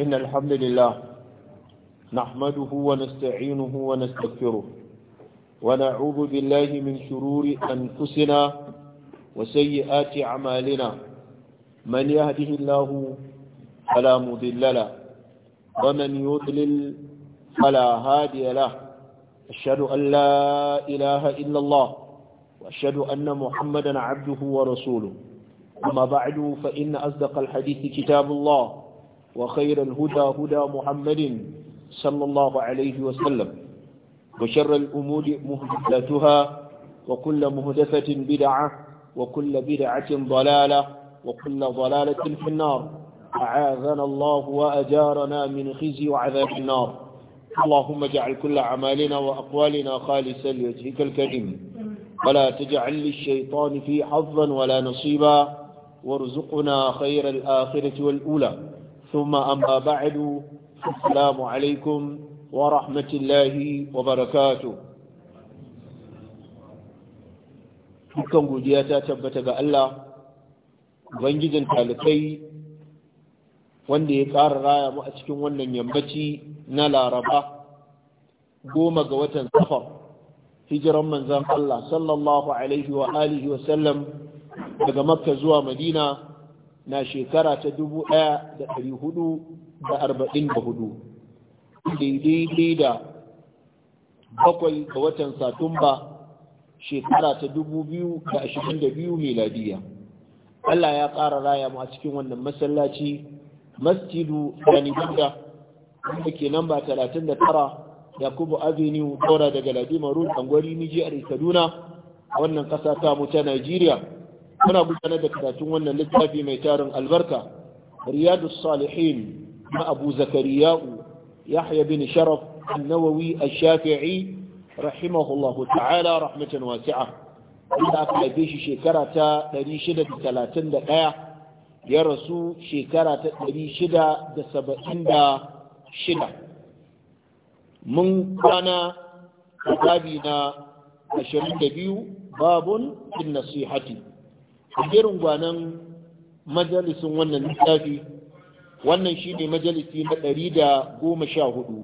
إن الحمد لله نحمده ونستعينه ونستغفره ونعوذ بالله من شرور أنفسنا وسيئات أعمالنا من يهده الله فلا مضل له ومن يضلل فلا هادي له أشهد أن لا إله إلا الله وأشهد أن محمدا عبده ورسوله أما بعد فإن أصدق الحديث كتاب الله وخير الهدى هدى محمد صلى الله عليه وسلم وشر الأمور مهدثتها وكل مهدثة بدعة وكل بدعة ضلالة وكل ضلالة في النار أعاذنا الله وأجارنا من خزي وعذاب النار اللهم اجعل كل أعمالنا وأقوالنا خالصا لوجهك الكريم ولا تجعل للشيطان في حظا ولا نصيبا وارزقنا خير الآخرة والأولى ثم أما بعد السلام عليكم ورحمة الله وبركاته dukkan godiya ta tabbata ga Allah ubangijin talibai wanda ya ƙara raya mu a cikin wannan yammaci na laraba goma ga watan safar hijiran manzan Allah sallallahu alaihi wa alihi wa daga makka zuwa madina na shekara ta dubu ɗaya da ɗari hudu da arba'in da hudu daidai da bakwai ga watan satumba shekara ta dubu biyu da ashirin da biyu miladiya Allah ya ƙara raya mu a cikin wannan masallaci masjidu da dinga wanda ke nan ba talatin da tara yakubu avenue daura daga ladima road angwari kaduna kaduna wannan ƙasa ta mu ta najeriya muna gudanar da karatun wannan littafi mai tarin albarka riyadu salihin na abu zakariya'u yahya bin sharaf annawawi a shafii rahimahullahu ta'ala rahmatan wasi'a inda aka haife shi shekara ta 631 ya rasu shekara ta 676 mun kwana babi na 22 babun in nasihati jerin gwanan majalisun wannan littafi wannan shi ne majalisi na ɗari da goma sha hudu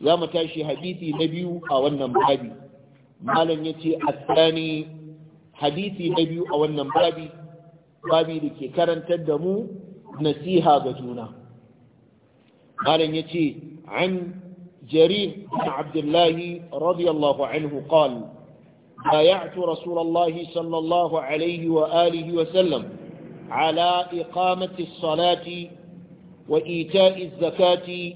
za mu tashi hadisi na biyu a wannan babi malam ya ce asani hadisi na biyu a wannan babi babi da ke karantar da mu nasiha ga juna malam ya ce an jarir bin abdullahi radiyallahu anhu qala بايعت رسول الله صلى الله عليه وآله وسلم على إقامة الصلاة وإيتاء الزكاة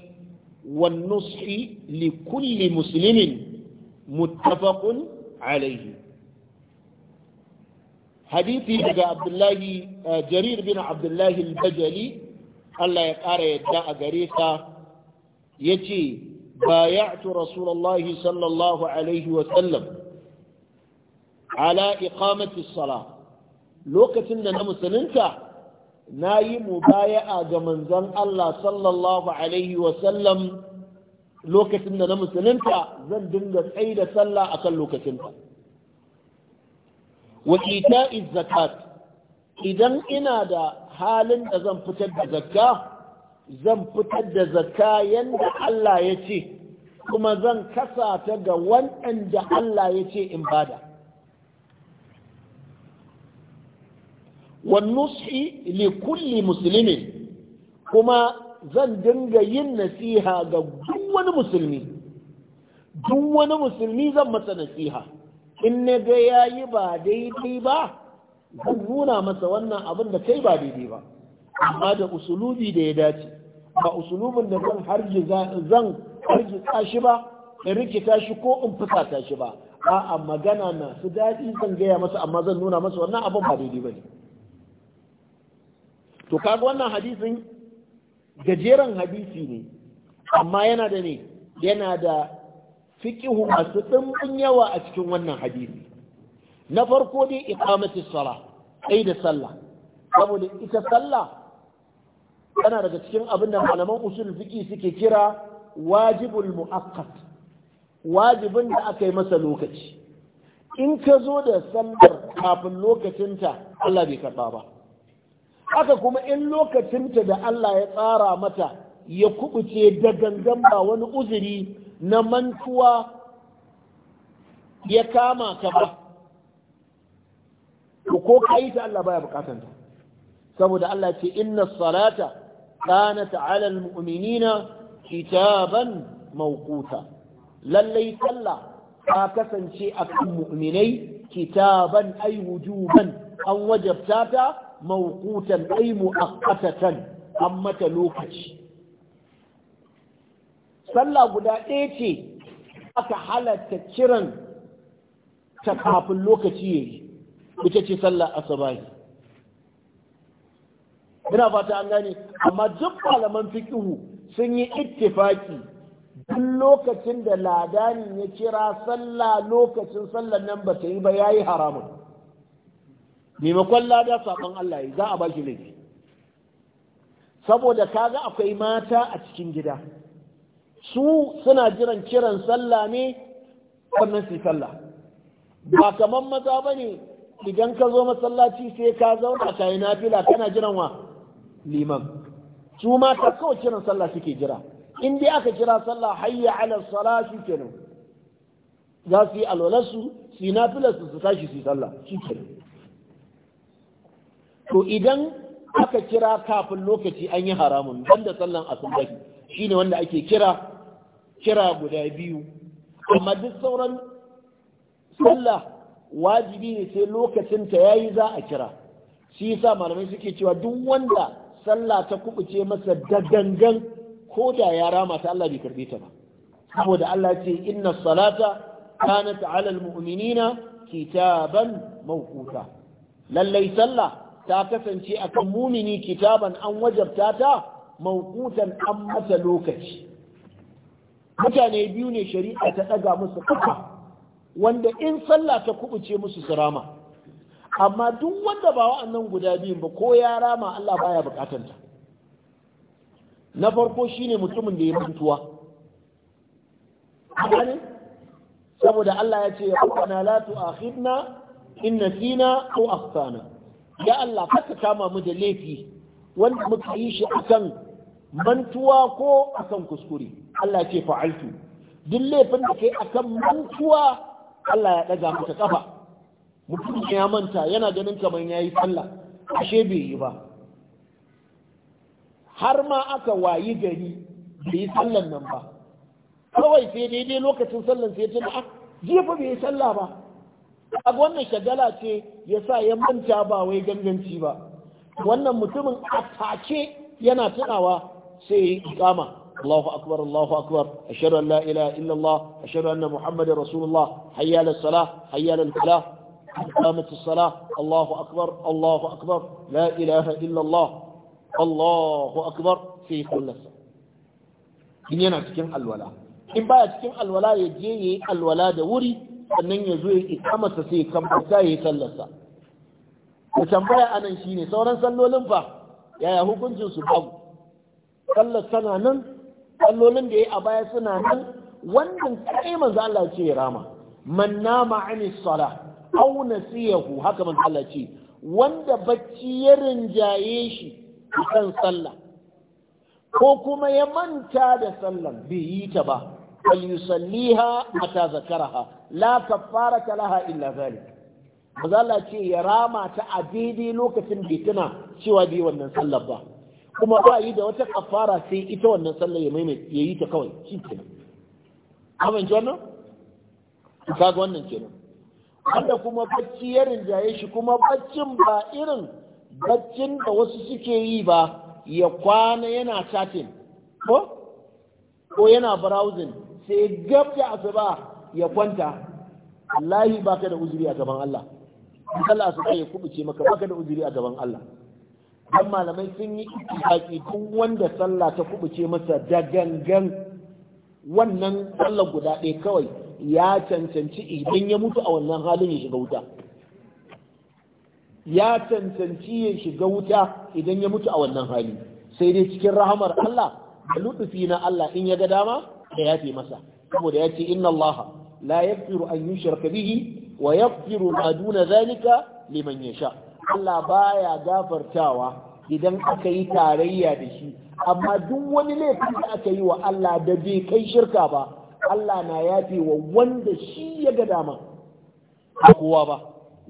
والنصح لكل مسلم متفق عليه حديثي لدى عبد الله جرير بن عبد الله البجلي الله يقار يدعى قريسة يتي بايعت رسول الله صلى الله عليه وسلم ala iqamati Salah, lokacin da na musulunta na yi mubaya'a ga manzon Allah sallallahu alaihi Sallam, lokacin da na musulunta zan dinga tsaida da sallah akan lokacinta wa ita'iz zakat idan ina da halin da zan fitar da zakka zan fitar da zakka yanda Allah ya ce kuma zan kasa ta ga waɗanda Allah ya ce in bada wannushi nushi li kulli kuma zan dinga yin nasiha ga duk wani musulmi duk wani musulmi zan masa nasiha in na ga yi ba daidai ba zan nuna masa wannan abin da kai ba daidai ba amma da usulubi da ya dace ba usulubin da zan harji shi ba in rikita shi ko in fusata shi ba a'a magana na su daɗi zan gaya masa amma zan nuna masa wannan abin ba daidai ba ne to kaga wannan hadisin gajeren hadisi ne amma yana da ne yana da fiƙihu masu ɗimbin yawa a cikin wannan hadisi na farko dai iqamati sala kai da sallah saboda ita sallah tana daga cikin abin da malaman usul fiqi suke kira wajibul muaqqat wajibin da aka yi masa lokaci in ka zo da sallar kafin lokacinta Allah bai karɓa ba haka kuma in lokacinta da Allah ya tsara mata ya kubuce da gangan ba wani uzuri na mantuwa ya kama ka ba ko ka yi ta Allah baya bukatanta saboda Allah ce inna salata kanat ala almu'minina kitaban mawquta lallai sallah ta kasance akan mu'minai kitaban ay wujuban an wajabta ta mawqutan ay muaqqatatan an mata lokaci sallah guda ɗaya ce aka halatta kiran ta kafin lokaci yayi ita ce sallah asubahi ina fata an gane amma duk malaman fiqhu sun yi ittifaki duk lokacin da ladanin ya kira sallah lokacin sallar nan ba ta yi ba yayi haramun maimakon lada saban Allah yi za a ba shi laifi saboda kaga akwai mata a cikin gida su suna jiran kiran sallah ne wannan su sallah ba kamar maza ba ne idan ka zo masallaci sai ka zauna ka yi nafila kana jiran wa liman su mata kawai kiran sallah suke jira in dai aka kira sallah hayya ala salati shi kenan za su yi alwalarsu su yi nafilarsu su tashi su yi sallah shi kenan to idan aka kira kafin lokaci an yi haramun banda sallan asubahi shine wanda ake kira kira guda biyu amma duk sauran sallah wajibi ne sai lokacin ta yayi za a kira shi yasa malamai suke cewa duk wanda sallah ta kubuce masa dagangan ko da ya rama ta Allah bai karbe ta ba saboda Allah ce inna salata kanat ala almu'minina kitaban mawquta lallai sallah ta kasance a kan mumini kitaban an wajabta ta mawqutan an mata lokaci mutane biyu ne shari'a ta ɗaga musu kuka, wanda in sallah ta kubuce musu su rama. amma duk wanda ba wa'annan guda biyun ba ko ya rama Allah baya buƙatanta. na farko shine mutumin da ya mutuwa gane saboda Allah ya ce ya rabbana a tu'akhidna in nasina a akhtana ya Allah ka kama mu da laifi wanda muka yi shi a kan mantuwa ko a kan kuskure Allah ce fa'altu duk laifin da kai kan mantuwa Allah ya ɗaga maka kafa mutum ya manta yana ganin kamar yi sallah ashe bai yi ba har ma aka wayi gari bai yi sallan nan ba kawai sai daidai lokacin sallan sai ya a ah, jiya bai yi sallah ba a wannan shagala ce ya sa ya manta ba wai ganganci ba wannan mutumin a take yana tunawa sai ya yi ikama Allahu akbar Allahu akbar ashhadu an la ilaha illa Allah ashhadu anna muhammadar rasulullah hayya lis salah hayya lil falah قامت الصلاة الله أكبر الله أكبر لا إله إلا الله الله أكبر في كل سنة in yana cikin alwala in baya cikin alwala ya je yi alwala da wuri sannan ya zo ya ta sai kamfata ya yi sallarsa da tambaya anan shine sauran sallolin fa yaya hukuncin su babu sallar tana nan sallolin da ya a baya suna nan wannan kai manzo Allah ce ya rama man nama ani sala aw nasiyahu haka manzo Allah ce wanda bacci ya rinjaye shi kan sallah ko kuma ya manta da sallan bai yi ta ba fal yusalliha mata zakaraha la ta laha illa zalik bazalla ce ya rama ta a lokacin bitina cewa bi wannan sallar ba kuma ba yi da wata kafara sai ita wannan sallar ya maimai yayi ta kawai shi kenan amince wannan ga wannan kenan wanda kuma bacci ya rinjaye shi kuma baccin ba irin baccin da wasu suke yi ba ya kwana yana chatting ko ko yana browsing sai gab da asuba ya kwanta ba baka da uzuri a gaban Allah Allah su ya kubuce maka baka da uzuri a gaban Allah dan malamai sun yi ittifaqi duk wanda sallah ta kubuce masa da gangan wannan sallah guda ɗaya kawai ya cancanci idan ya mutu a wannan halin ya shiga wuta ya cancanci ya shiga wuta idan ya mutu a wannan hali sai dai cikin rahamar Allah da lutufi na Allah in ya ga dama da yafe masa saboda ya ce inna allaha la yaghfiru an yushraka bihi wa yaghfiru ma duna zalika liman yasha Allah baya gafartawa idan aka yi tarayya da shi amma duk wani laifin da aka yi wa Allah da bai kai shirka ba Allah na yafe wa wanda shi ya ga dama ba kowa ba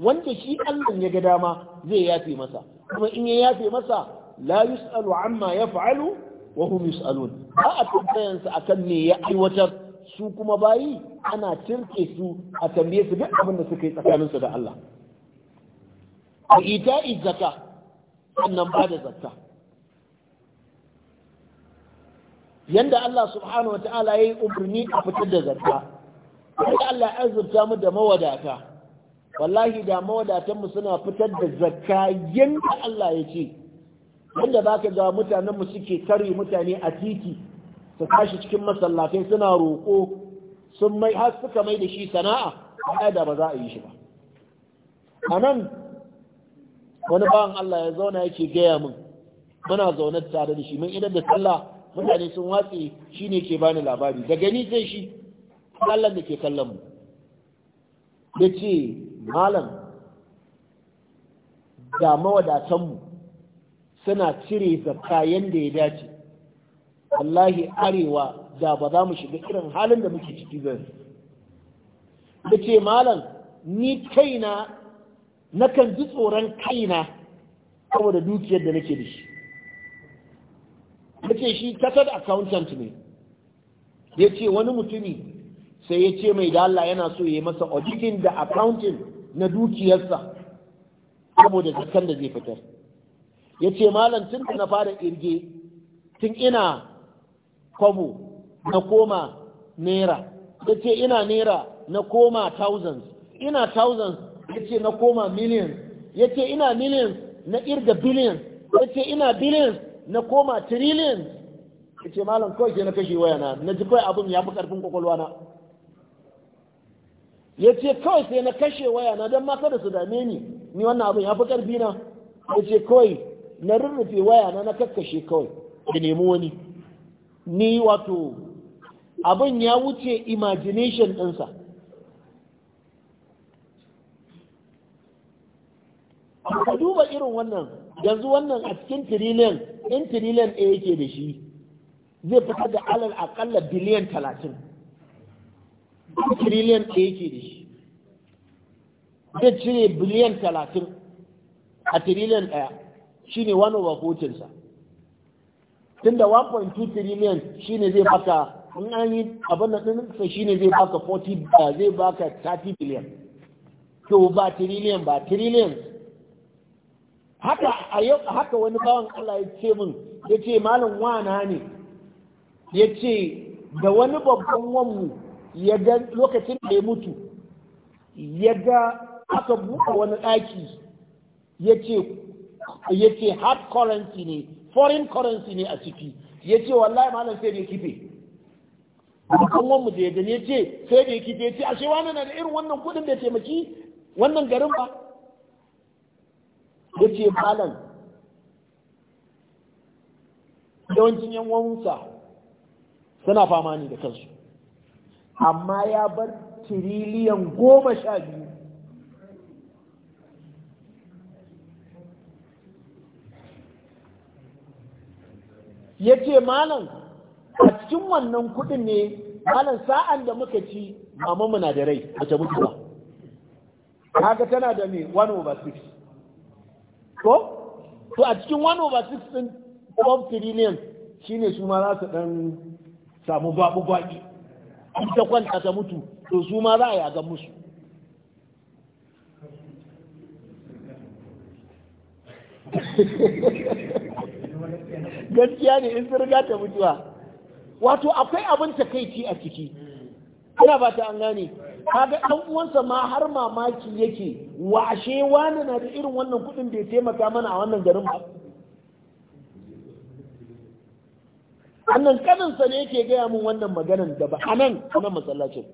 wanda shi Allah ya ga dama zai yafe masa kuma in ya yafe masa la yus'alu amma yaf'alu wa hum yus'alun ba a tambayansa akan me ya aiwatar su kuma bayi ana tirke su a tambaye su duk abin da suka yi tsakaninsu da Allah a ita zakka annan ba da zakka yanda Allah subhanahu wa ta'ala ya yi umarni a fitar da zakka sai Allah ya azurta mu da mawadata wallahi da mawadatanmu suna fitar da zakka yanda Allah ya ce wanda ba ka ga mutanenmu suke tare mutane a titi su tashi cikin masallatai suna roƙo sun mai har suka mai da shi sana'a ba da ba za a yi shi ba a nan wani bawan Allah ya zauna yake gaya min muna zaune tare da shi mun idan da talla, mutane sun watse shi ne ke bani labari da gani zai shi Allah da ke kallon mu da ce malam da mawadatanmu suna cire zakka da ya dace wallahi arewa da ba za mu shiga irin halin da muke ciki zan da ce malam ni kaina na kan ji tsoron kaina saboda dukiyar da nake da shi da ce shi tattar accountant ne ya ce wani mutumi sai ya ce mai da yana so ya yi masa auditin da accounting na dukiyarsa saboda zakan da zai fitar ya ce malam tun na fara irge tun ina kwabo na koma naira ya ce ina naira na koma thousands ina thousands ya ce na koma millions ya ce ina millions na irga billions ya ce ina billions na koma trillions ya ce malam kawai ke na kashe wayana na ji kawai abin ya fi karfin kwakwalwana ya ce kawai sai na kashe wayana don ma da su dame ni ni wannan abin ya fi karfi na ya ce kawai na rurrufe wayana na kakkashe kawai da nemi wani ni wato abin ya wuce imagination ɗinsa ka duba irin wannan yanzu wannan a cikin trillion in trillion ɗaya yake da shi zai fitar da alal akalla biliyan talatin trillion ɗaya yake da shi zai cire biliyan talatin a trillion ɗaya shi ne wani wakotinsa tunda 1.2 trillion shine zai baka in an yi abin da ɗinsa shine zai baka 40 zai baka 30 billion to ba trillion ba trillion haka a yau haka wani bawan Allah ya ce min ya ce malam wana ne ya ce da wani babban wanmu ya ga lokacin da ya mutu ya ga aka buɗe wani ɗaki ya ce hard currency ne foreign currency ne a ciki ya ce wallahi malam sai da kife kife kan mu da ya gani ya ce sai da kife ya ce ashe wani na da irin wannan kudin da taimaki wannan garin ba ya ce malam yawancin yan wansa suna fama ne da kansu amma ya bar tiriliyan goma sha biyu ya ce malam a cikin wannan kudin ne malam sa'an da muka ci mamamu na da rai a ce mutu ba haka tana da ne 1 over 6 ko? to a cikin 1 over 6 ɗin 12 trillion shi ne su ma za su ɗan samu babu baƙi an ta kwanta ta mutu to su ma za a yaga musu gaskiya ne in sun riga ta mutuwa wato akwai abin takaici a ciki ina ba ta an gane kaga ɗan uwansa ma har mamaki yake washe wani na da irin wannan kuɗin ya taimaka mana a wannan garin ba annan sa ne yake gaya min wannan maganan da ba a nan nan masallacin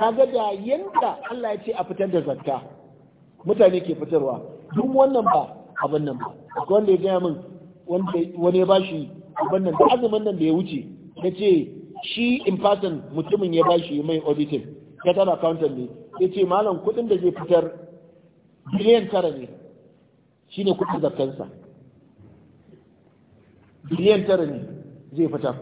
kaga da yanda Allah ya ce a fitar da zakka mutane ke fitarwa duk wannan ba abin nan ba akwai wanda ya gaya min wani ya bashi abin nan da azumin nan da ya wuce ya ce shi in person mutumin ya bashi mai auditing ya tara accountant ne ya ce malam kudin da zai fitar biliyan tara ne shine kudin kansa. biliyan tara ne zai fitar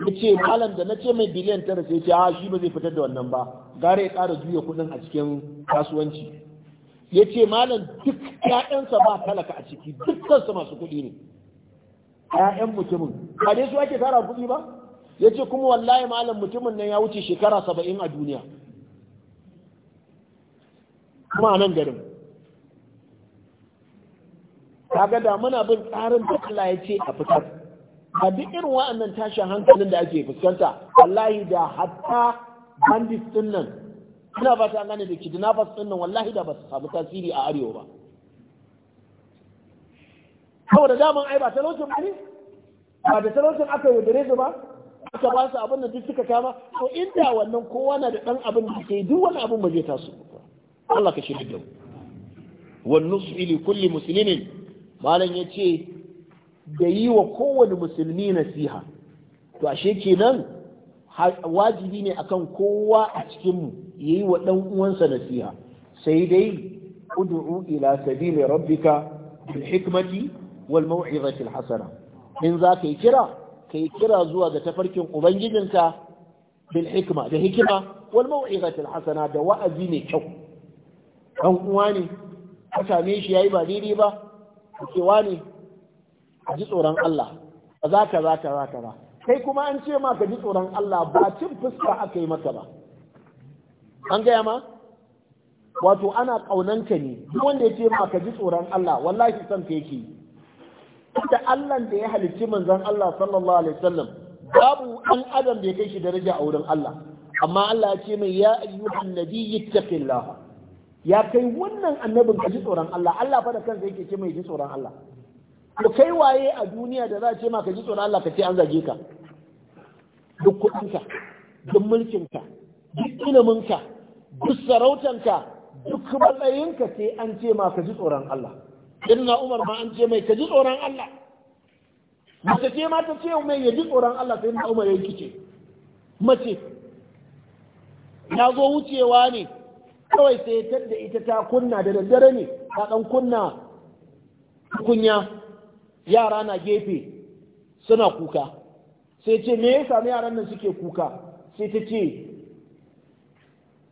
ya ce malam da na ce mai biliyan tara sai ce a ah, shi ba zai fitar da wannan ba gara ya kara juya kudin a cikin kasuwanci ya ce malam duk ƴaƴansa ba talaka a ciki dukkansa masu kuɗi ne ƴaƴan mutumin ba dai su ake tara kuɗi ba ya ce kuma wallahi malam mutumin nan ya wuce shekara saba'in a duniya kuma nan garin kaga da muna bin tsarin da Allah ya ce a fitar a duk irin wa'annan tashin hankalin da ake fuskanta wallahi da hatta bandit din nan ina ba ta gane da kidnappers din nan wallahi da ba su samu tasiri a arewa ba saboda daman ai ba talaucin ba ne ba da talaucin aka yi dare ba aka ba su abin da duk suka kama to inda wannan kowa na da dan abin da ke duk wani abin ba zai taso Allah ka shirya da wa li kulli muslimin malam yace da yi wa kowane musulmi nasiha to ashe kenan wajibi ne akan kowa a cikinmu ya yi wa ɗan uwansa nasiha sai dai ud'u ila sabili rabbika bil hikmati wal maw'izati al hasana in za ka yi kira ka yi kira zuwa ga tafarkin ubangijinka bil hikma da hikima wal maw'izati al hasana da wa'azi ne kyau dan uwa ne ka same shi yayi ba daidai ba cewa wani ji tsoron Allah kaza ka kaza kaza kai kuma an ce ma ka ji tsoron Allah ba cin fuska aka yi maka ba an gaya ma wato ana ƙaunanka ne duk wanda ya ce ma ka ji tsoron Allah wallahi san ka yake da Allah da ya halicci manzon Allah sallallahu alaihi wasallam babu an adam da ya kai shi daraja a wurin Allah amma Allah ya ce mai ya ayyuhan nabiyyi ittaqillah ya kai wannan annabin ka ji tsoron Allah Allah fa da kansa yake ce mai ji tsoron Allah to kai waye a duniya da za a ce ma ka ji tsoron Allah ka ce an zage ka duk kuɗinka duk mulkinka duk iliminka duk sarautanka duk matsayinka sai an ce ma ka ji tsoron Allah inna umar ma an ce mai ka ji tsoron Allah mace ce ma ta ce mai ya ji tsoron Allah sai na umar ya kice mace ya zo wucewa ne kawai sai ta da ita ta kunna da daddare ne ta dan kunna kunya yara na gefe suna kuka sai ce me ya sami yaran nan suke kuka sai ta ce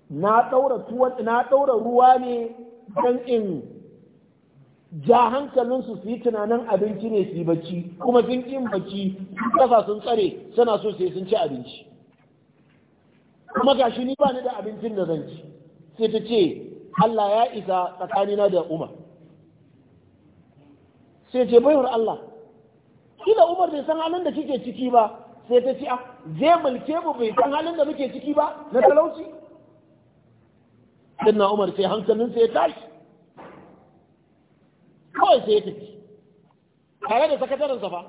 na ɗaura ruwa ne don in ja hankalinsu su yi tunanin abinci ne su yi bacci kuma sun ƙin bacci ƙasa sun tsare suna so sai sun ci abinci kuma gashi ni ba ni da abincin da zan ci sai ta ce Allah ya isa tsakanina da Umar sai ce baiwar Allah kila Umar bai san halin da kike ciki ba sai ta ce ah, zai mulke mu bai san halin da muke ciki ba na talauci din na umar sai hankalin sai ya tashi kawai sai ya tafi tare da sa fa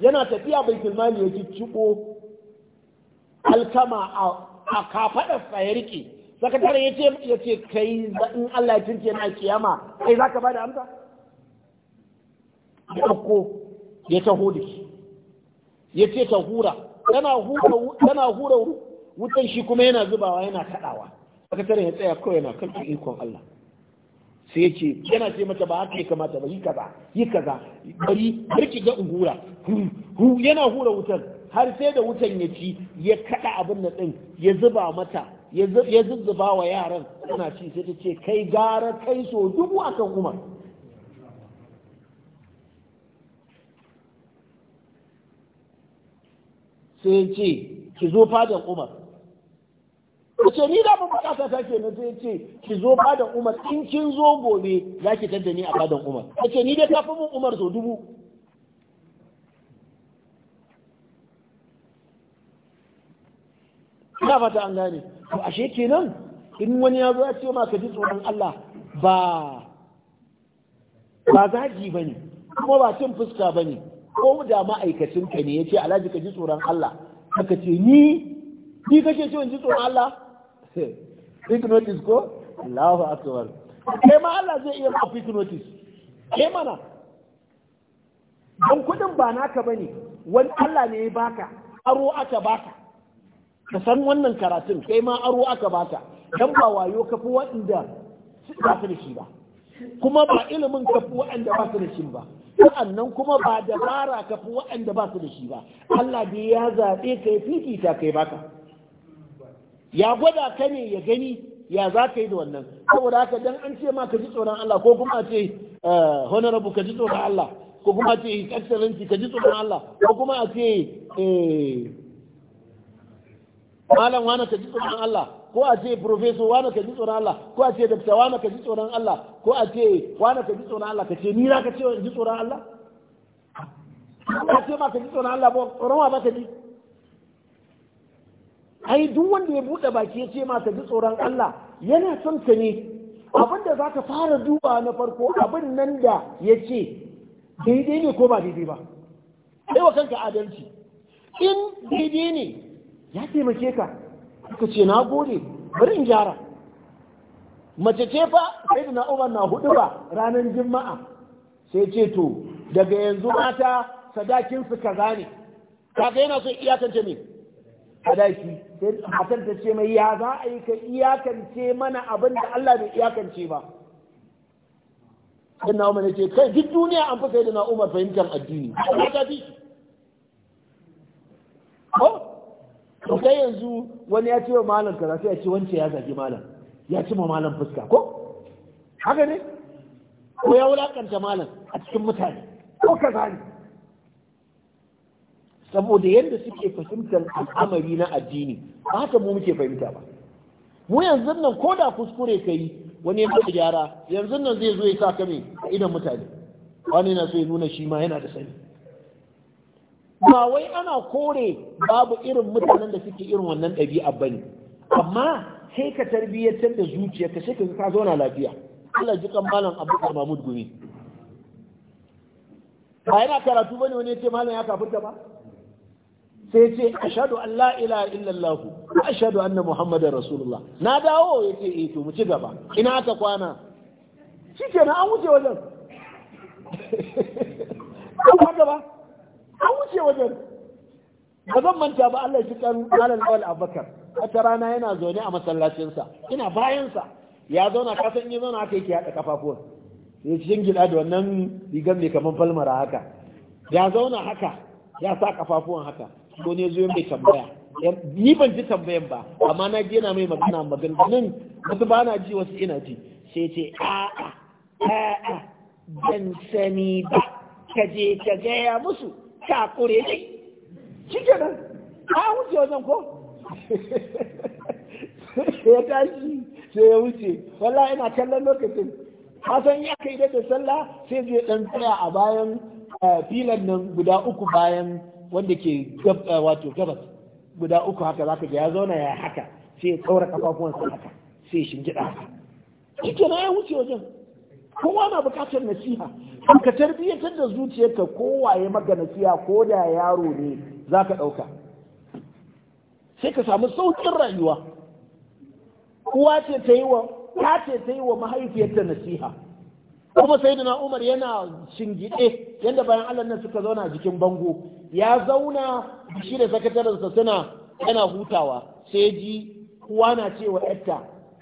yana tafiya bai tilmani ya cicciɓo alkama a sa ya rike sakataren ya ce ya ce kai in Allah ya cince na kiyama kai za ka ba da amsa ya ɗauko ya taho da shi ya ce ta hura tana hura wutan shi kuma yana zubawa yana kadawa a sakataren ya tsaya kawai yana kan ikon Allah sai ya ce yana ce mata ba haka ya kamata ba yi kaza yi kaza bari harki ga hura hu yana hura wutan har sai da wutan ya ci ya kada abin na din ya zuba mata ya zuzzuba wa yaran suna ci sai ta ce kai gara kai so dubu akan umar sai ce ki zo fadan umar ce ni da ba ba ta ke ne sai ce ki zo fadan umar in kin zo gobe za ki tadda ni a fadan umar ce ni dai fi mun umar zo dubu ina fata an gane to ashe kenan in wani ya zo ya ce ma ka ji tsoron Allah ba ba zaji bane kuma ba cin fuska bane ko da ma'aikacin ka ne ya ce alhaji ka ji tsoron Allah haka ce ni ni ka ce ji tsoron Allah quick notice ko Allahu akbar kai ma Allah zai iya ma quick notice kai mana don kudin ba naka bane wani Allah ne ya baka aro aka baka ka san wannan karatun kai ma aro aka baka dan ba wayo ka fi waɗanda ba su da shi ba kuma ba ilimin ka fi waɗanda ba su da shi ba sa'annan kuma ba dabara ka fi waɗanda ba su da shi ba Allah dai ya zaɓe ka ya fifita kai baka ya gwada ka ne ya gani ya za ka yi da wannan saboda haka dan an ce ma ka ji tsoron Allah ko kuma ce eh, honorable ka ji tsoron Allah ko kuma ce his excellency ka ji tsoron Allah ko kuma a ce eh, malam wani ka ji tsoron Allah ko a ce professor wani ka ji tsoron Allah ko a ce doctor wani ka ji tsoron Allah ko a ce wani ka ji tsoron Allah ka ce ni na ka ce ji tsoron Allah ka ce ma ka ji tsoron Allah ba tsoron wa ba ka ji ai duk wanda ya bude baki ya ce ma ka ji tsoron Allah yana son ka ne abin da za ka fara duba na farko abin nan da ya ce daidai ne ko ba daidai ba sai wa kanka adalci in daidai ne ya taimake ka suka ce na gode bari gyara mace ce fa sai na na hudu ba ranar juma'a sai ce to daga yanzu mata sadakin su ka ne kaga yana so iyakance ne sadaki sai matan ta ce mai ya za a yi ka iyakance mana abin da Allah bai iyakance ba sai na ce kai duk duniya an fi sai da na fahimtar addini to kai yanzu wani ya cewa malam kaza sai ya ce wance ya zagi malam ya ci ma malam fuska ko haka ne ko ya wulakanta malam a cikin mutane ko kaza ne saboda yadda suke fahimtar al'amari na addini ba haka mu muke fahimta ba mu yanzu nan ko da kuskure kai wani ya gyara yanzu nan zai zo ya sa ka mai idan mutane wani na so ya nuna shi ma yana da sani ba wai ana kore babu irin mutanen da suke irin wannan ɗabi'a ba ne amma sai ka tarbiyyantar da zuciya ka sai ka zauna lafiya Allah ji kan malam Abu Mahmud Gumi ba yana karatu ba ne wani ce malam ya kafirta ba sai ce ashhadu an la ilaha illallahu wa ashhadu anna muhammadar rasulullah na dawo yace eh to mu ci gaba ina aka kwana na an wuce wajen ba ba an wuce wajen ba zan manta ba Allah shi kan malam Lawal Abubakar wata rana yana zaune a masallacinsa ina bayansa ya zauna kasan yi zauna aka yake haɗa kafafuwan ya cikin gida da wannan rigar mai kamar falmara haka ya zauna haka ya sa kafafuwan haka ko ne zo mai tambaya ni ban ji tambayan ba amma na gina mai magana nan wasu ba na ji wasu ina ji sai ce a'a a'a ban sani ba ka je ka gaya musu cakure ne, shi ke nan a wuce wajen ko ya tashi sai ya wuce walla ina kallon lokacin hasan ya kai da sallah sai zai dan tsaya a bayan eh, filan nan guda uku bayan wanda ke eh, wato gabas guda uku haka zaka ga ya zauna ya haka sai ya tsaura kafafuwansa haka sai ya shingida haka Cike na ya wuce wajen kowa na bukatar nasiha ka tarbiyyatar da zuciyarka kowaye maganasiya ko da yaro ne za ka ɗauka sai ka samu saukin rayuwa kuwa ce ta yi wa ta ce ta yi wa mahaifiyarta nasiha kuma sai na umar yana shingiɗe yadda bayan allah nan suka zauna jikin bango ya zauna shi da sakatarinsa suna yana hutawa sai ji Kuwa na cewa yarta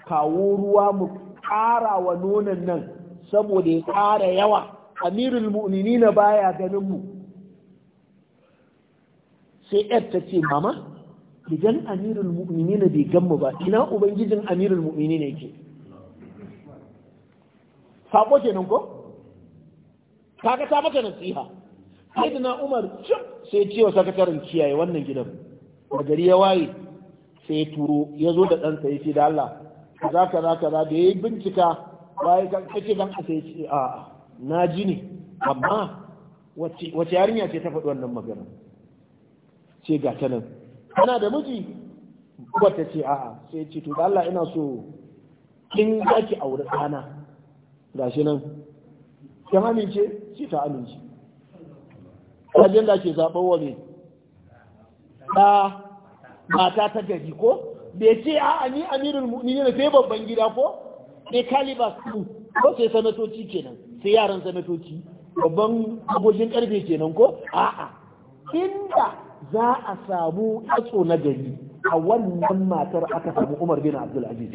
kawo ruwa mu ƙara wa nonon nan saboda ya ƙara yawa amirul na baya ganin mu sai yar ta ce mama idan amirul mu'minina bai gan mu ba ina ubangijin amirul mu'minina yake sako kenan ko kaga ta mata nasiha sai da na umar cip sai ce wa sakataren kiyaye wannan gidan da gari ya waye sai ya turo ya zo da ɗansa ya ce da Allah kaza kaza kaza da ya yi bincika bayan kan kace a sai ce a'a na ji ne amma wace yarinya ce ta faɗi wannan magana ce ga ta nan kana da miji wata ce a'a sai ce to Allah ina so kin zaki aure ɗana gashi nan kin amince ce ta amince wajen da ke zaɓen wa ne ɗa mata ta gari ko bai ce a'a ni amirul mu'minin sai babban gida ko ne kalibas ko sai sanatoci kenan sai yaran sanatoci babban agogin karfe kenan ko a'a inda za a samu yatso na gari a wannan matar aka samu Umar bin Abdul Aziz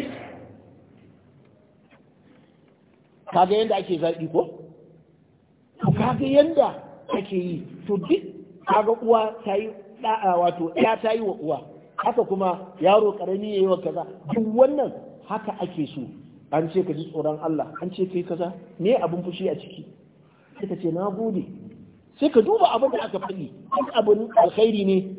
kaga yanda ake zaɓi ko to kaga yanda ake yi to duk kaga uwa ta yi wato ya ta yi wa uwa haka kuma yaro karami yi wa kaza duk wannan haka ake so an ce ka ji tsoron Allah an ce kai kaza me abin fushi a ciki sai ka ce na gode sai ka duba abin da aka faɗi an abin alkhairi ne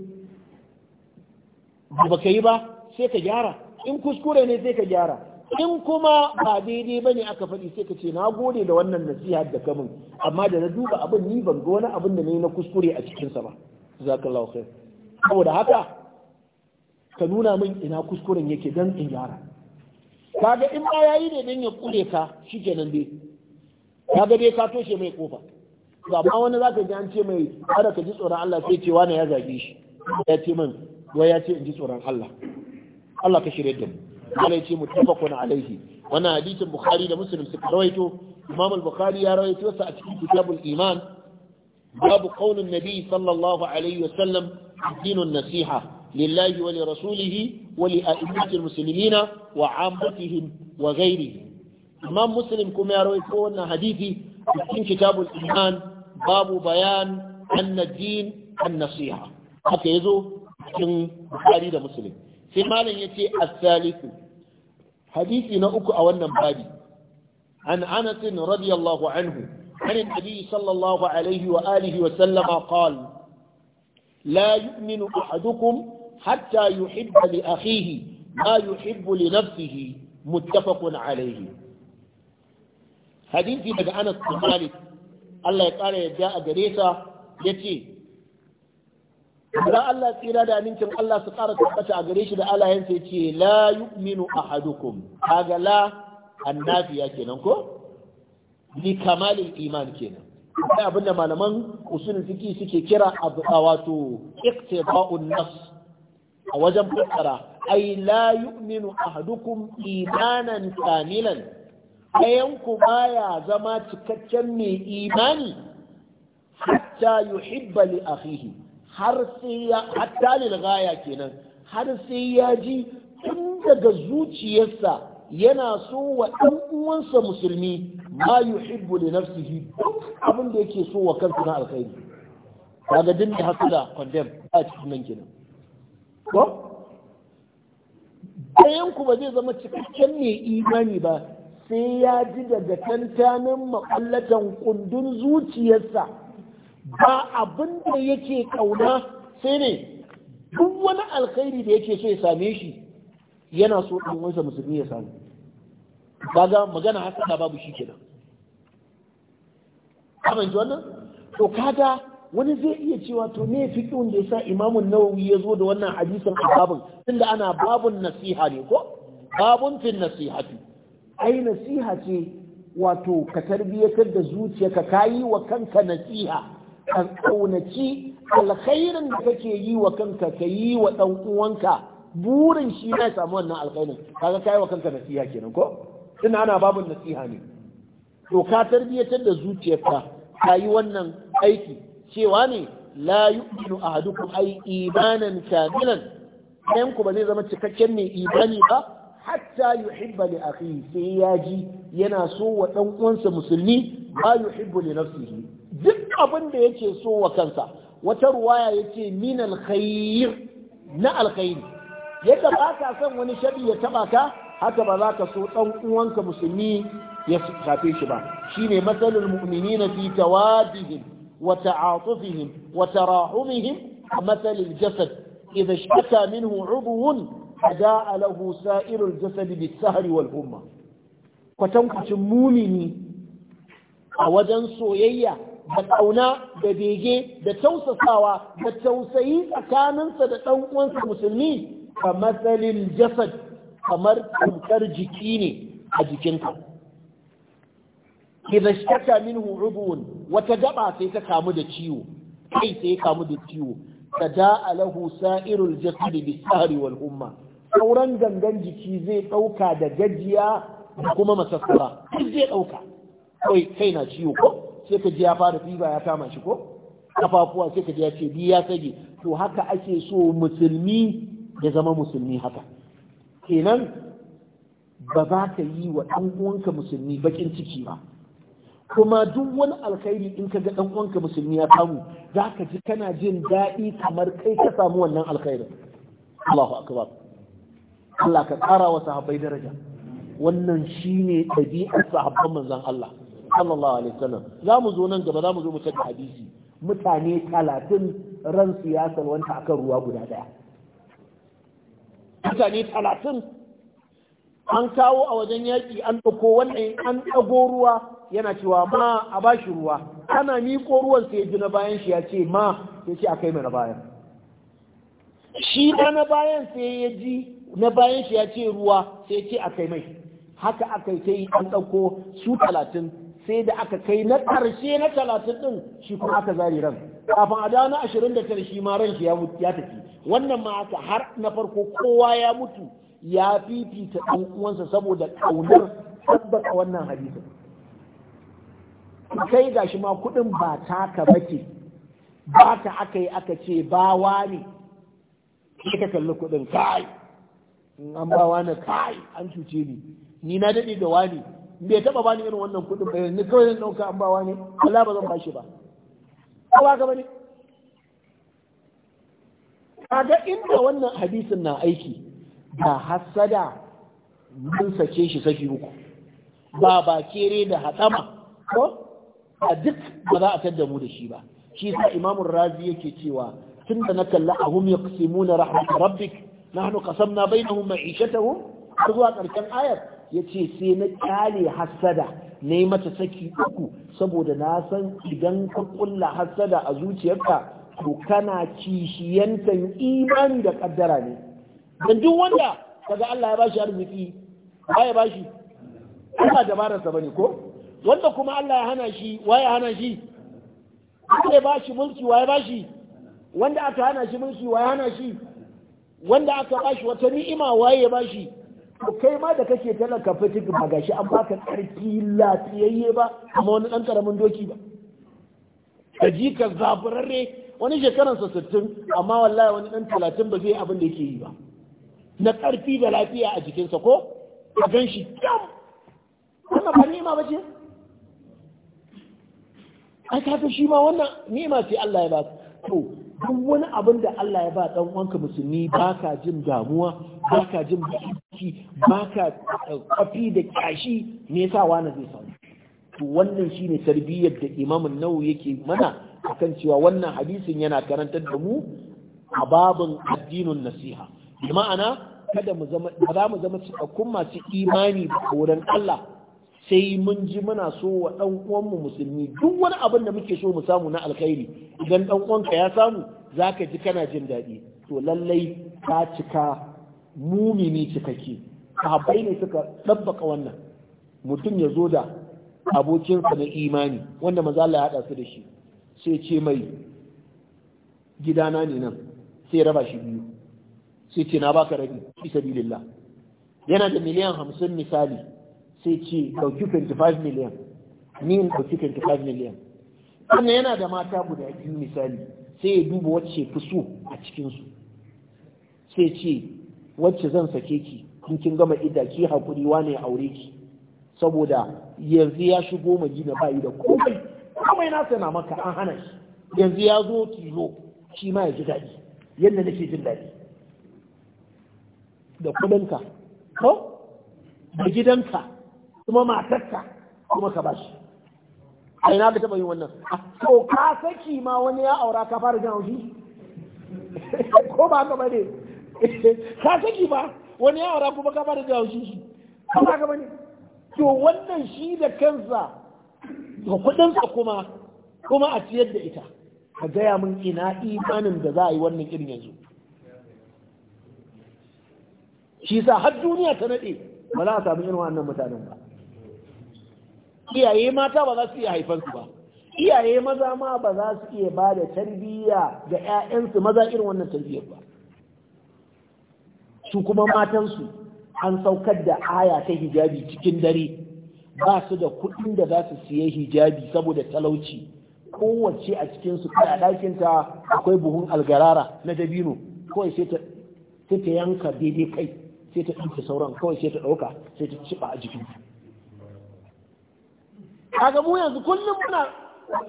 ba ka yi ba sai ka gyara in kuskure ne sai ka gyara in kuma ba daidai ba ne aka faɗi sai ka ce na gode da wannan nasiha da kamun amma da na duba abin ni ban ga wani abin da ne na kuskure a cikinsa ba jazakallahu khair saboda haka ka nuna min ina kuskuren yake dan in gyara kaga in ma yayi ne don ya kure ka shikenan dai kaga dai ka toshe mai kofa to amma wani zaka ji an ce mai kada ka ji tsoron Allah sai ce wani ya zage shi ya ce min wai ya ce in ji tsoron Allah Allah ka shirye da mu Allah ya ce muttafaqun alaihi wannan hadisin Bukhari da Muslim suka rawaito Imam al-Bukhari ya rawaito sa a cikin Kitabul Iman babu qaulin Nabi sallallahu alaihi wasallam dinun nasiha lillahi wa lirasulihi wa li a'immatil muslimina wa 'ammatihim wa ghairihi imam muslim kuma ya ko wannan hadisi cikin kitabul iman babu bayan anna din an-nasiha haka yazo cikin bukhari da muslim sai malam yace as-salisu hadisi na uku a wannan babi an anas radiyallahu anhu عن النبي صلى الله عليه وآله وسلم قال لا يؤمن أحدكم hatta yuhibba li akhihi ma yuhibbu li nafsihi muttafaqun alayhi hadisi daga Anas bin Malik Allah ya kara yadda a gare sa yace da Allah tsira da amincin Allah su kara tabbata a gare shi da alayensa yace la yu'minu ahadukum kaga la annafiya kenan ko li kamalil iman kenan sai abinda malaman usulun fiqi suke kira abu wato iqtiba'un nafs a wajen fassara ai la yu'minu ahadukum imanan kamilan ɗayanku baya zama cikakken mai imani hatta yuhibba li akhihi har sai ya hatta lil ghaya kenan har sai ya ji tun daga zuciyarsa yana so wa ɗan uwansa musulmi ma yuhibbu li nafsihi abin da yake so wa kansa na alkhairi kaga din da hasada condemn a cikin nan kenan ko ɗayanku ba zai zama cikakken mai imani ba sai ya ji daga tantanin makallatan kundin zuciyarsa ba abin da yake ƙauna sai ne duk wani alkhairi da yake so ya same shi yana so ɗan musulmi ya samu kaga magana hasada babu shi kenan Abin wannan to kada wani zai iya cewa to me fiqhun da yasa imamun nawawi ya zo da wannan hadisin a babun tunda ana babun nasiha ne ko babun fil nasihati ai nasiha ce wato ka tarbiyatar da zuciyarka kayi wa kanka nasiha ka kaunaci alkhairin da kake yi wa kanka ka yi wa dan uwanka burin shi na samu wannan alkhairin kaga kayi wa kanka nasiha kenan ko tunda ana babun nasiha ne to ka tarbiyatar da zuciyarka kayi wannan aiki cewa ne la yu'minu ahadukum ay imanan kamilan ɗayan ku ba zai zama cikakken mai imani ba hatta yuhibba li akhihi sai ya ji yana so wa dan uwansa musulmi ba yuhibbu li nafsihi duk abin da yake so wa kansa wata ruwaya yace min alkhair na alkhairi yadda ba ka son wani shari ya taba ka haka ba za ka so dan uwanka musulmi ya shafe shi ba shine matsalul mu'minina fi tawadihim وتعاطفهم وتراحمهم مثل الجسد إذا اشتكى منه عضو أداء له سائر الجسد بالسهر والهمة kwatankacin mumini a wajen soyayya da ƙauna da bege da tausasawa da tausayi tsakaninsa da ɗan uwansa musulmi ka jasad kamar tamkar jiki ne a jikinka idan shaka minhu ubun wata gaba sai ta kamu da ciwo kai sai kamu da ciwo Kada alahu sa'irul jasad bis-sahri wal umma. sauran gangan jiki zai dauka da gajiya da kuma masassara zai dauka kai kai na ciwo ko sai ka ji ya fara fiba ya kama shi ko kafafuwa sai ka ji ya ce bi ya sage to haka ake so musulmi ya zama musulmi haka kenan ba za ka yi wa ɗan uwanka musulmi bakin ciki ba kuma duk wani alkhairi in ka ga uwanka musulmi ya samu za ka ji kana jin daɗi kamar kai ka samu wannan alkhairin Allahu akbar Allah ka ƙara wa sahabbai daraja wannan shine ɗabi'ar sahabban manzon Allah sallallahu alaihi wasallam za mu zo nan gaba za mu zo mu cika hadisi mutane talatin ran siyasar wanta akan ruwa guda daya mutane talatin an kawo a wajen yaƙi an ɗauko wannan an ɗago ruwa yana cewa ma a shi ruwa ana miko ruwan sai ji na bayan shi ya ce ma sai ce a kai mai na bayan shi ba na bayan sai ya ji na bayan shi ya ce ruwa sai ce a kai mai haka aka yi an ɗauko su talatin sai da aka kai na ƙarshe na talatin ɗin shi kuma aka zari ran kafin a da na ashirin da tara shi ma ran shi ya tafi wannan ma haka har na farko kowa ya mutu ya fifita ɗan uwansa saboda ƙaunar tabbata wannan hadisin kai gashi ma kuɗin ba taka bace ba ta aka yi aka ce ba wani sai ka kalli kuɗin kai an ba wani kai an cuce ni ni na dade da wani bai taɓa bani irin wannan kuɗin bayan ni kawai zan ɗauka an ba wani Allah ba zan ba shi ba ko ba ka ga kaga inda wannan hadisin na aiki da hasada mun sace shi saki uku ba ba kere da hatsama ko a duk ba za a tadda mu da shi ba shi sa imamu razi yake cewa tun da na kalla a hum yaqsimuna rahmat rabbik nahnu qasamna bainahum ma'ishatahum har zuwa karshen ayar Ya ce sai na kyale hasada ne mata saki uku saboda na san idan ka kulla hasada a zuciyarka to kana kishiyantan imani da kaddara ne dan duk wanda kaga Allah ya bashi arziki ba ya bashi ba dabararsa bane ko wanda kuma Allah ya hana shi waye hana shi wanda ya bashi mulki waye bashi wanda aka hana shi mulki waye hana shi wanda aka shi wata ni'ima waye bashi to kai ma da kake talaka fitik ba gashi an baka karfi lafiyayye ba amma wani dan karamin doki ba ka ji ka zaburarre wani shekaran shekaransa sittin amma wallahi wani dan talatin ba zai abin da yake yi ba na karfi da lafiya a jikinsa ko a gan shi kyam wannan ba ni'ima ba ce ai ka shi ma wannan ni'ima ce Allah ya ba to duk wani abin da Allah ya ba dan uwanka musulmi baka jin damuwa baka jin baki baka kafi eh, da kashi me yasa wani zai samu to wannan shine tarbiyyar da Imam Nawawi yake mana akan cewa wannan hadisin yana karantar da mu a babin addinin nasiha bi ma'ana kada mu zama za mu zama cikakkun masu imani da wurin Allah sai mun ji muna so wa ɗan uwanmu musulmi duk wani abin da muke so mu samu na alkhairi idan ɗan uwanka ya samu za ka ji kana jin daɗi to lallai ka cika mumini cikakke sahabbai ne suka ɗabbaka wannan mutum ya zo da abokinsa na imani wanda maza Allah ya haɗa su da shi sai ce mai gidana ne nan sai raba shi biyu sai ce na baka rabi fi sabilillah yana da miliyan hamsin misali sai ce ɗauki 25 miliyan ni in ɗauki 25 miliyan sannan yana da mata guda biyu misali sai ya duba wacce fi so a cikinsu sai ce wacce zan sake ki in kin gama ida ki haƙuri wane aure ki saboda yanzu ya shigo madina ba yi da komai komai na sana maka an hana shi yanzu ya zo tilo shi ma ya ji daɗi yadda nake jin daɗi da kudinka ko da gidanka kuma matarka kuma ka shi a ina ka taɓa yin wannan to ka saki ma wani ya aura ka fara jin haushi ko ba ka bane ka saki ba wani ya aura kuma ka fara jin haushi shi ko ba ka bane to wannan shi da kansa to kudinsa kuma kuma a ciyar da ita ka gaya min ina imanin da za a yi wannan irin yanzu shi sa har duniya ta nade ba za a sami irin wannan mutanen ba iyaye mata ba za su iya haifansu su ba iyaye maza ma ba za su iya ba da tarbiyya ga 'ya'yansu maza irin wannan tarbiyyar ba su kuma matansu an saukar da aya ta hijabi cikin dare ba su da kuɗin da za su siye hijabi saboda talauci kowace a cikinsu kada ɗakinta akwai buhun algarara na dabino kawai sai ta yanka daidai kai sai ta ɗauke sauran kawai sai ta ɗauka sai ta ciɓa a ta kaga mu yanzu kullum muna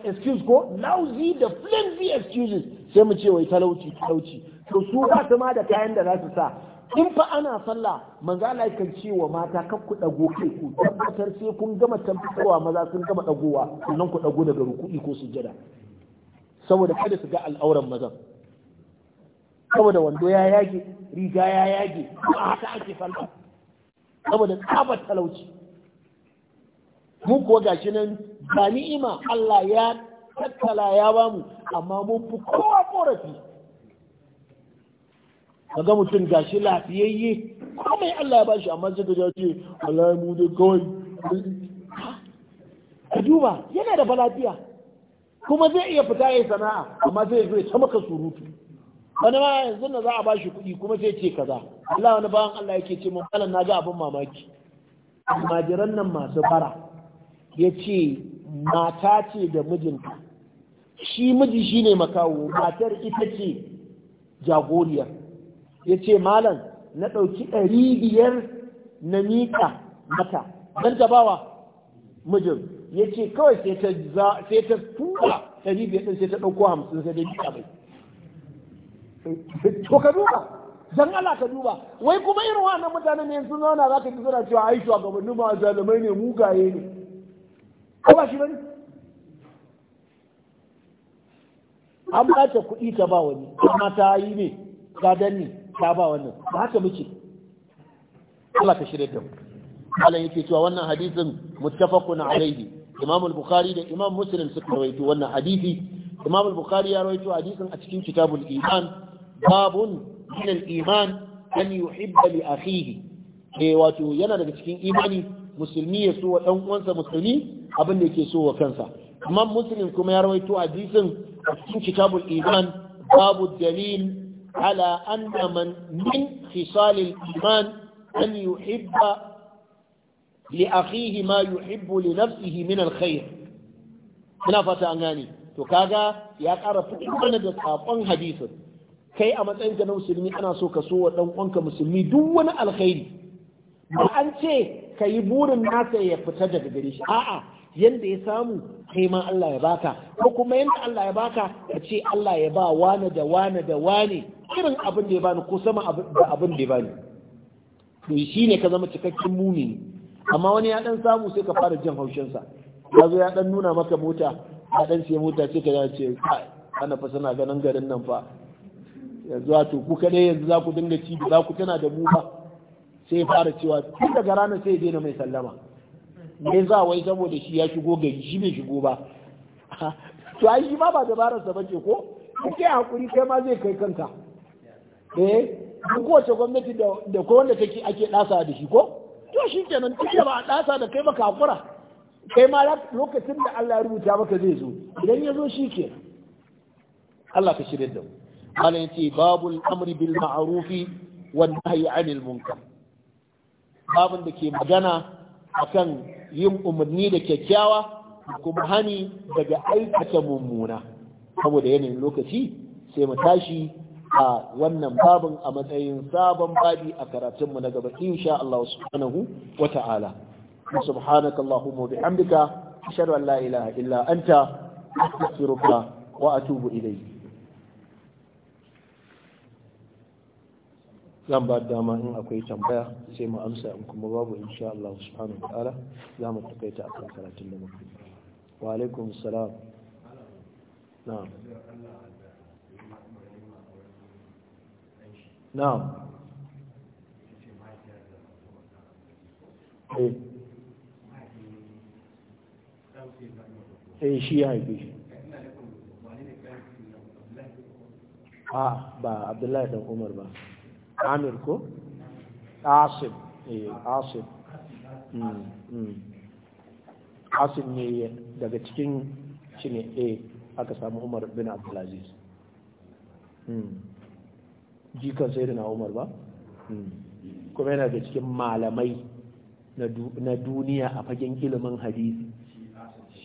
excuse ko lousy da flimsy excuses sai mu ce wai talauci talauci to su ba su ma da kayan da za su sa in fa ana sallah manzo Allah kan ce wa mata kar ku dago kai ku tabbatar sai kun gama tabbatarwa maza sun gama dagowa sannan ku dago daga ruku'i ko sujjada saboda kada su ga al'auran mazan saboda wando ya yage riga ya yage ba haka ake sallah saboda tsabar talauci mu kuwa gashi nan ba ni'ima Allah ya tattala ya ba mu amma mun fi kowa korafi ga mutum gashi lafiyayye komai Allah ya bashi amma sai ka ce Allah mu da kawai ka duba yana da balafiya. kuma zai iya fita ya sana'a amma zai zai ta maka surutu wani ma yanzu na za a shi kuɗi kuma sai ce kaza Allah wani bawan Allah yake ce mun na ga abin mamaki jiran nan masu fara. ya ce mata ce da mijinta shi miji shi ne makawo matar ita ce jagoriyar ya ce malam na ɗauki ɗari biyar na miƙa mata don gabawa mijin ya ce kawai sai ta tura ɗari biyar ɗin sai ta ɗauko hamsin sai da miƙa mai to ka duba dan Allah ka duba wai kuma irin wannan mutanen ne sun zauna za ka ji suna cewa ai shugabannin ma zalimai ne mugaye ne ko ba shi bane an ba kuɗi ta ba wani amma ta yi ne ta danni ta ba wannan ba haka muke Allah ka shirya da mu Allah yake cewa wannan hadisin muttafaqun alayhi Imam al-Bukhari da Imam Muslim suka rawaito wannan hadisi Imam al-Bukhari ya rawaito hadisin a cikin Kitabul Iman babun min al-iman an yuhibba li akhihi eh wato yana daga cikin imani musulmi ya so wa ɗan uwansa musulmi abin da yake so wa kansa amma muslim kuma ya rawaito hadisin a cikin kitabul iman babu dalil ala anna man min khisalil iman an yuhibba li akhihi ma yuhibbu li nafsihi min alkhair ina fata an gane to kaga ya ƙara fitar da sakon hadisin kai a matsayinka na musulmi ana so ka so wa ɗan uwanka musulmi duk wani alkhairi ba an ce ka yi burin nasa ya fita daga gare shi a'a yanda ya samu kai ma Allah ya baka ko kuma yanda Allah ya baka ka ce Allah ya ba wane da wane da wane irin abin da ya bani ko sama da abin da ya bani to shi ne ka zama cikakken mumini amma wani ya dan samu sai ka fara jin haushinsa ya zo ya dan nuna maka mota ya dan sai mota sai ka ce ana fa sana ganin garin nan fa yanzu wato ku kadai yanzu za ku dinga ci za ku tana da mu ba sai fara cewa tun daga ranar sai daina mai sallama me za wai saboda shi ya shigo gari shi bai shigo ba to ai shi ma ba dabarar sa bace ko kake hakuri kai ma zai kai kanka eh duk wace gwamnati da da ko wanda kake ake dasa da shi ko to shi kenan duk da ba a dasa da kai maka hakura kai ma lokacin da Allah ya rubuta maka zai zo idan ya zo shi ke Allah ka shirye da mu Allah ya ce babul amri bil ma'ruf wa nahyi anil munkar babin da ke magana akan yin umarni da kyakkyawa kuma hani daga aikata mummuna saboda yanayin lokaci sai mu tashi a wannan babin a matsayin sabon babi a karatunmu na gaba insha Allah subhanahu wa ta'ala سبحانك اللهم وبحمدك أشهد أن لا إله إلا أنت أستغفرك وأتوب إليك zan ba dama in akwai tambaya sai mu amsa in kuma babu insha Allah subhanahu wa ta'ala za mu takaita akan karatun da muke wa alaikum salam na'am na'am eh eh shi ya haife ah, ba abdullahi dan umar ba amir ko asif eh asif hmm, hmm. asif ne daga cikin shi ne a eh, aka samu umar bin abdulaziz hmm. jikan sai na umar ba kuma yana da cikin malamai na duniya a fagen ilimin hadisi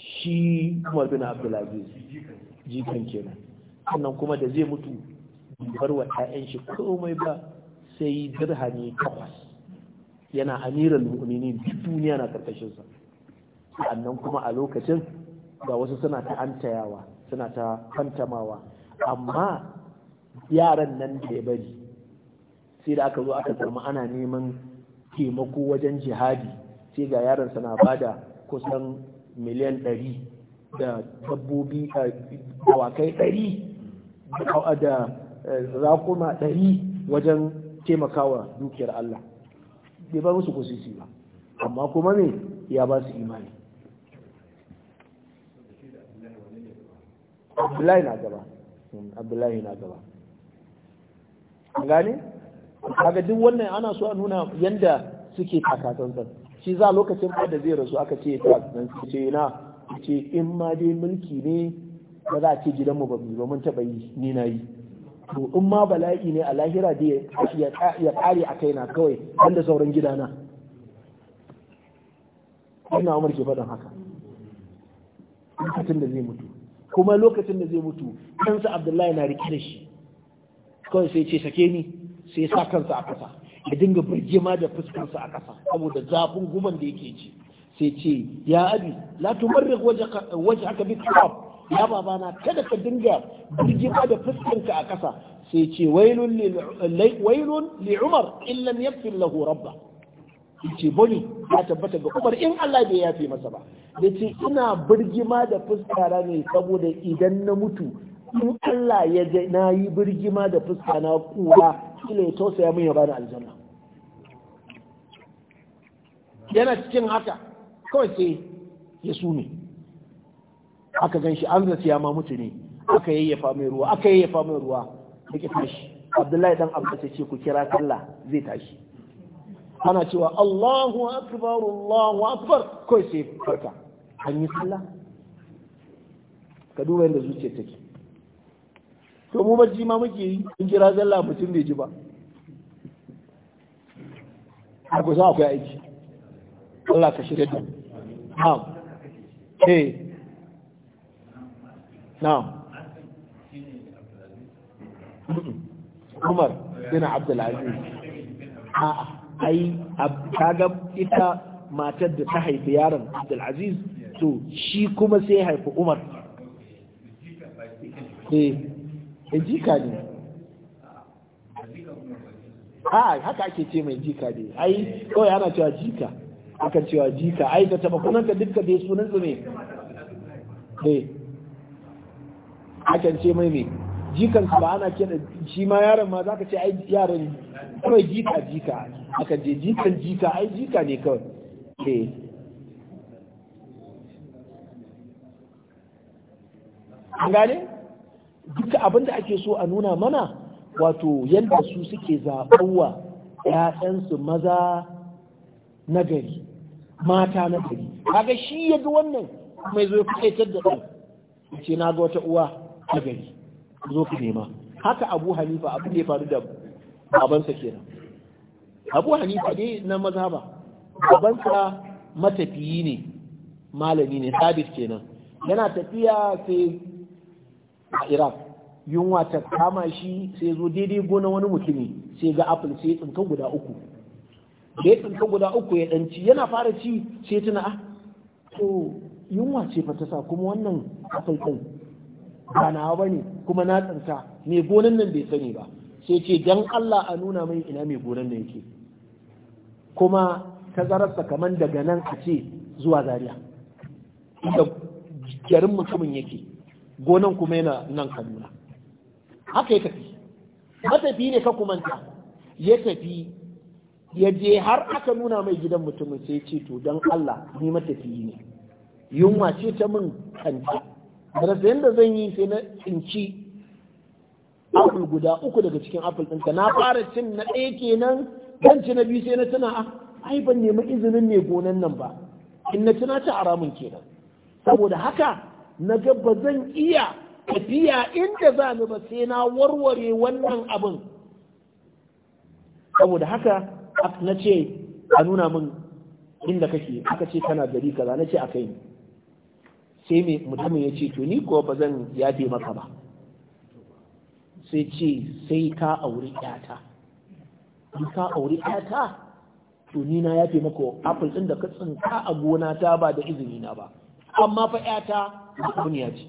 shi umar bin abdulaziz jikan kenan sannan kuma da zai mutu bar wa 'ya'yan shi komai ba sai dirhami takwas yana amiran mu'minin duk duniya na karkashin sa sannan kuma a lokacin ga wasu suna ta antayawa suna ta fantamawa amma yaran nan da ya bari sai da aka zo aka zama ana neman taimako wajen jihadi sai ga yaran na bada kusan miliyan ɗari da dabbobi a dawakai ɗari da eh, rakuna ɗari wajen taimakawa dukiyar Allah bai ba musu kusurci ba amma kuma ne ya ba su imani abdullahi na gaba hmm, abdullahi na gaba gane kaga duk wannan ana so a nuna yadda suke takatantar shi za lokacin da zai rasu aka ce ta ce na ce in ma dai mulki ne ba za a ce gidanmu ba ba mun taɓa yi ni na yi to in ma bala'i ne a lahira da ya kare a kaina kawai wanda sauran gidana ina umar ke faɗin haka lokacin da zai mutu kuma lokacin da zai mutu kansa abdullahi na rike da shi kawai sai ce sake ni sai sa kansa a ƙasa ya dinga birgima da fuskarsa a ƙasa saboda zafin guman da yake ci sai ce ya abi la tumarrik waje aka bi turab ya babana kada ka dinga birgima da fuskanka a ƙasa sai ce wailun li umar illan yaghfir lahu rabba ce boni ya tabbata ga umar in Allah bai yafe masa ba da ce ina birgima da fuskara ne saboda idan na mutu in Allah ya ga na yi birgima da fuska na kura kila ya tausaya min ya bani aljanna yana cikin haka kawai sai ya sume aka gan shi an ya ma mutu ne aka yayyafa mai ruwa aka yayyafa mai ruwa ya ki tashi abdullahi dan abbas ya ce ku kira sallah zai tashi ana cewa allahu akbar allahu akbar kai sai farka an yi sallah ka duba yadda zuciyar take to mu bacci ma muke yi in kira sallah mutum bai ji ba a kusa akwai aiki Allah ka shirya da mu. Eh. na'am Umar bin Abdulaziz a'a ai kaga ita matar da ta haifi yaron Abdulaziz to shi kuma sai haifi Umar eh jika ne a haka ake ce mai jika ne ai kawai ana cewa jika aka cewa jika ai da taba kunanka dukka dai sunan su ne eh akan ce mai ne jikan ba ana kira shi ma yaron ma zaka ce ai kuma kawai jika jika akan je jikan jika ai jika ne kawai ke eh. an gane duka abinda da ake so a nuna mana wato yadda su suke zaɓarwa ‘ya'yansu maza na gari mata na gari kaga shi ya ga wannan mai zo ya fitar da ɗan ce na ga wata uwa na gari zo ku nema haka abu hanifa abu ne faru da babansa kenan abu hanifa ne na mazhaba babansa matafiyi ne malami ne sabit kenan yana tafiya sai a iraq yunwa ta kama shi sai zo daidai gona wani mutumi sai ga apple sai ya tsinka guda uku da ya tsinka guda uku ya ɗanci yana fara ci sai tuna a ah, to yunwa ce fa ta sa kuma wannan apple ɗin ba ba ne kuma na tsinta mai gonan nan bai sani ba sai ce dan Allah a nuna mai ina mai gonan nan yake kuma tazararsa kamar daga nan a ce zuwa Zariya. inda garin mutumin yake gonan kuma yana nan kaduna haka ya tafi matafi ne ka kumanta ya tafi ya je har aka nuna mai gidan mutumin sai ce to don Allah ni matafi ne yunwa ce ta min kanta rasa yadda zan yi sai na tsinci apple guda uku daga cikin apple ɗinka na fara cin na ɗaya kenan zan ci na biyu sai na tuna ah, ai ban nemi izinin ne gonan nan ba in na tuna ci haramun kenan saboda haka na ga ba zan iya tafiya inda za ni ba sai na warware wannan abin saboda haka na ce a nuna min inda kake aka ce kana gari kaza na ce a kai ne sai mai mutumin ya ce to ni kuwa ba zan yafe maka ba sai ce sai ka auri yata in ka auri yata to ni na yafe maka apple ɗin da ka tsinka a gona ta ba da izini na ba amma fa ƴata duniya ce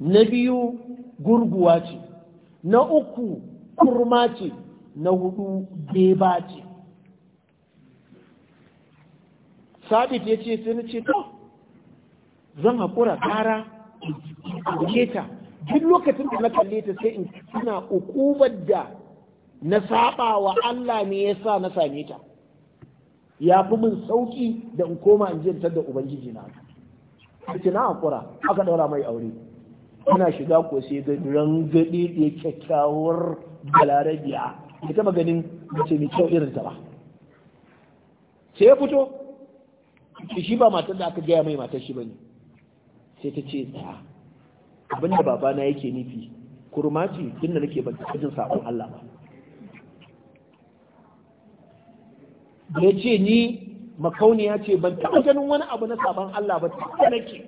na biyu gurguwa ce na uku kurma ce na hudu beba ce sabit ya ce sai na ce to zan haƙura ƙara in ta duk lokacin da na kalle ta sai in suna ukubar da na saba wa Allah ne ya sa na same ta ya fi min sauki da in koma in jinta da ubangiji na Kace na haƙura aka ɗaura mai aure ina shiga ko sai ga rangaɗe da kyakkyawar balarabiya da taɓa ganin mace mai kyau irin ta ba sai ya fito shi ba matar da aka gaya mai matar shi ba ne sai ta ce tsaya abinda babana yake nufi kurma ce tunda nake ban taɓa jin Allah ba ya ce ni makauniya ce ban taɓa ganin wani abu na sabon Allah ba ta nake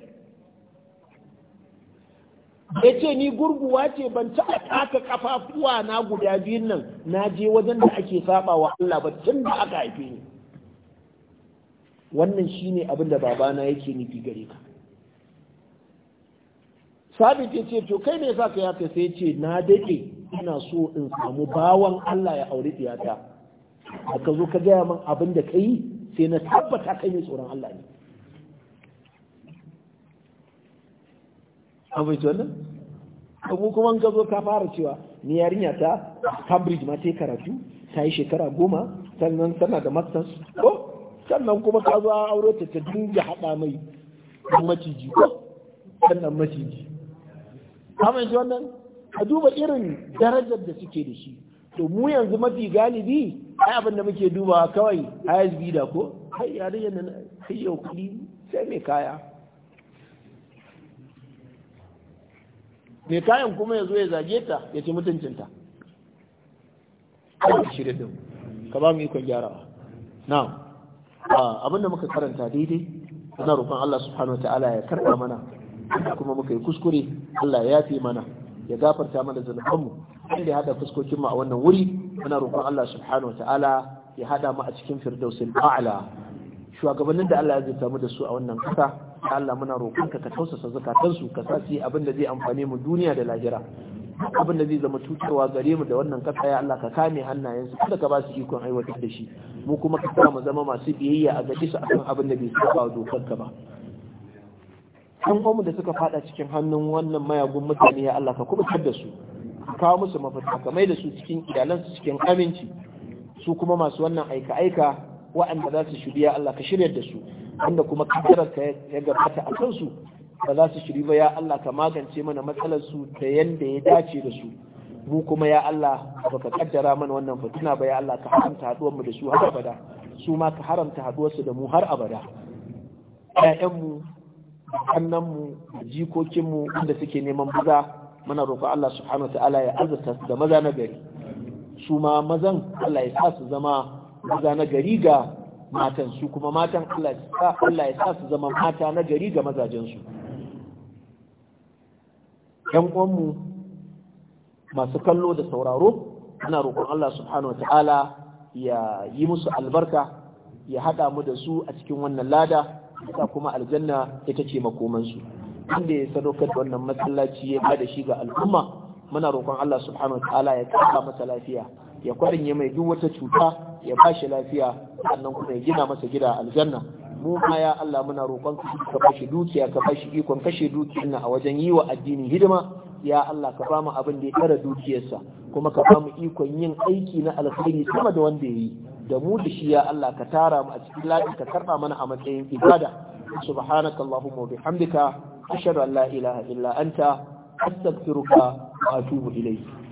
ya ce ni gurguwa ce ban taɓa taka kafafuwa na guda biyun nan na je wajen da ake saba wa Allah ba tun da aka haife ni wannan shine abin da babana yake nufi gare ka sabit ya ce to kai ne yasa ka yaka sai ce na dake ina so in samu bawan Allah ya auri diyata da ka zo ka gaya min abin da ka yi sai na tabbata kai mai tsoron Allah ne Abin bai wannan abu kuma ka zo ka fara cewa ni yarinya ta Cambridge ma ta karatu ta yi shekara goma sannan tana da masters ko sannan kuma ka zo aure ta ta dinga haɗa mai maciji ko sannan maciji kamar shi wannan a duba irin darajar da suke da shi to mu yanzu mafi galibi ai abin da muke duba kawai ISB da ko Kai yarinyar nan sai yau kudi sai mai kaya mai kayan kuma ya zo ya zage ta ya ci mutuncinta Allah shi da ka ba mu ikon gyarawa na'am ah, abin da muka karanta daidai Ina roƙon Allah subhanahu wa ta'ala ya karɓa mana kuma muka yi kuskure Allah ya fi mana ya gafarta mana zanubanmu inda ya hada fuskokin mu a wannan wuri muna roƙon Allah subhanahu wataala ya haɗa mu a cikin firdausin a'la shugabannin da Allah ya zai mu da su a wannan kasa Allah muna roƙon ka ka tausasa zakatansu ka sa su abin da zai amfane mu duniya da lahira abin da zai zama cutarwa gare mu da wannan ƙasa, ya Allah ka kame hannayensu kada ka ba su ikon aiwatar da shi mu kuma ka sa mu zama masu biyayya a gaji su akan abin da bai saba dokar ka ba an da suka fada cikin hannun wannan mayagun mutane ya Allah ka kubutar da su kawo musu mafita ka mai da su cikin iyalansu cikin aminci su kuma masu wannan aika-aika wa'anda za su shirya Allah ka shirya da su wanda kuma kaddarar ka ya gabata a kansu ba za su shiri ba ya Allah ka magance mana matsalar su ta yanda ya dace da su mu kuma ya Allah ka kaddara mana wannan fitina ba ya Allah ka haramta haduwar mu da su har abada su ma ka haramta haduwar su da mu har abada ƴaƴan mu hannunmu da jikokinmu inda suke neman buga muna roƙo Allah subhanahu ta'ala ya azurta su da maza na gari su ma mazan Allah ya sa su zama maza na gari ga matan su kuma matan Allah ya sa su zama mata na gari ga mazajensu ‘yan uwanmu masu kallo da sauraro ana roƙon Allah subhanahu ta'ala ya yi musu albarka ya haɗa mu da su a cikin wannan lada sa kuma aljanna ita ce makomansu inda ya sadaukar da wannan masallaci ya bada shi ga al'umma muna roƙon Allah subhanahu ta'ala ya kafa masa lafiya ya kwarinye mai duk wata cuta ya ba shi lafiya sannan kuma ya gina masa gida aljanna mu ma ya Allah muna roƙon ka bashi dukiya ka bashi ikon kashe dukiyar nan a wajen yi wa addini hidima ya Allah ka bamu abin da ya kara dukiyarsa kuma ka mu ikon yin aiki na alkhairi sama da wanda ya yi da mu da shi ya Allah ka tara mu a cikin lafi ka karba mana a matsayin ibada subhanaka allahumma wa bihamdika ashhadu an la ilaha illa anta astaghfiruka wa atubu ilayk